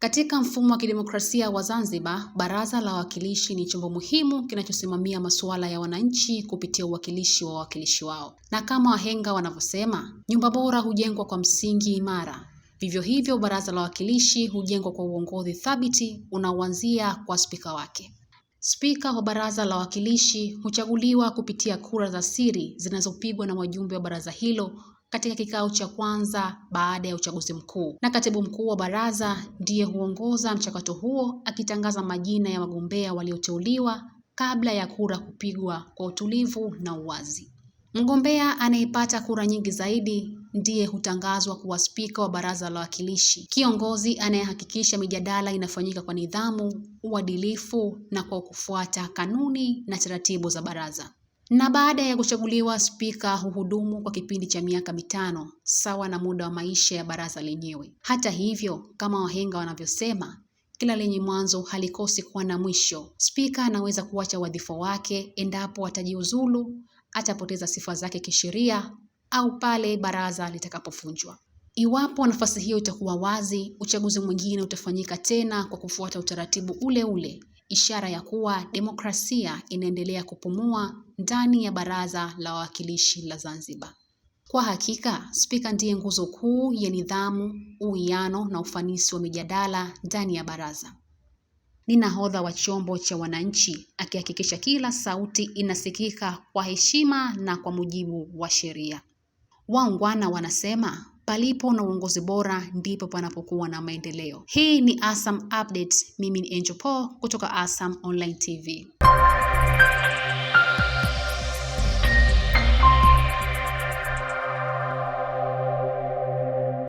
Katika mfumo wa kidemokrasia wa Zanzibar, Baraza la Wawakilishi ni chombo muhimu kinachosimamia masuala ya wananchi kupitia uwakilishi wa wawakilishi wao. Na kama wahenga wanavyosema, nyumba bora hujengwa kwa msingi imara. Vivyo hivyo, Baraza la Wawakilishi hujengwa kwa uongozi thabiti unaoanzia kwa spika wake. Spika wa Baraza la Wawakilishi huchaguliwa kupitia kura za siri zinazopigwa na wajumbe wa baraza hilo katika kikao cha kwanza baada ya uchaguzi mkuu, na katibu mkuu wa baraza ndiye huongoza mchakato huo akitangaza majina ya wagombea walioteuliwa kabla ya kura kupigwa kwa utulivu na uwazi. Mgombea anayepata kura nyingi zaidi ndiye hutangazwa kuwa spika wa baraza la wawakilishi, kiongozi anayehakikisha mijadala inafanyika kwa nidhamu, uadilifu na kwa kufuata kanuni na taratibu za baraza na baada ya kuchaguliwa spika huhudumu kwa kipindi cha miaka mitano sawa na muda wa maisha ya baraza lenyewe. Hata hivyo, kama wahenga wanavyosema, kila lenye mwanzo halikosi kuwa na mwisho. Spika anaweza kuacha wadhifa wake endapo atajiuzulu, atapoteza sifa zake kisheria au pale baraza litakapovunjwa. Iwapo nafasi hiyo itakuwa wazi, uchaguzi mwingine utafanyika tena kwa kufuata utaratibu ule ule ishara ya kuwa demokrasia inaendelea kupumua ndani ya Baraza la Wawakilishi la Zanzibar. Kwa hakika, spika ndiye nguzo kuu ya nidhamu, uwiano na ufanisi wa mijadala ndani ya baraza. Ni nahodha wa chombo cha wananchi, akihakikisha kila sauti inasikika kwa heshima na kwa mujibu wa sheria. Waungwana wanasema Palipo na uongozi bora ndipo panapokuwa na maendeleo. Hii ni ASAM Update. Mimi ni Angel Paul kutoka ASAM Online TV.